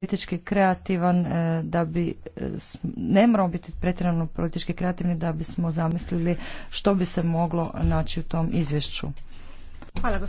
politički kreativan e, da bi e, ne moramo biti pretjerano politički kreativni da bismo zamislili što bi se moglo naći u tom izvješću. Hvala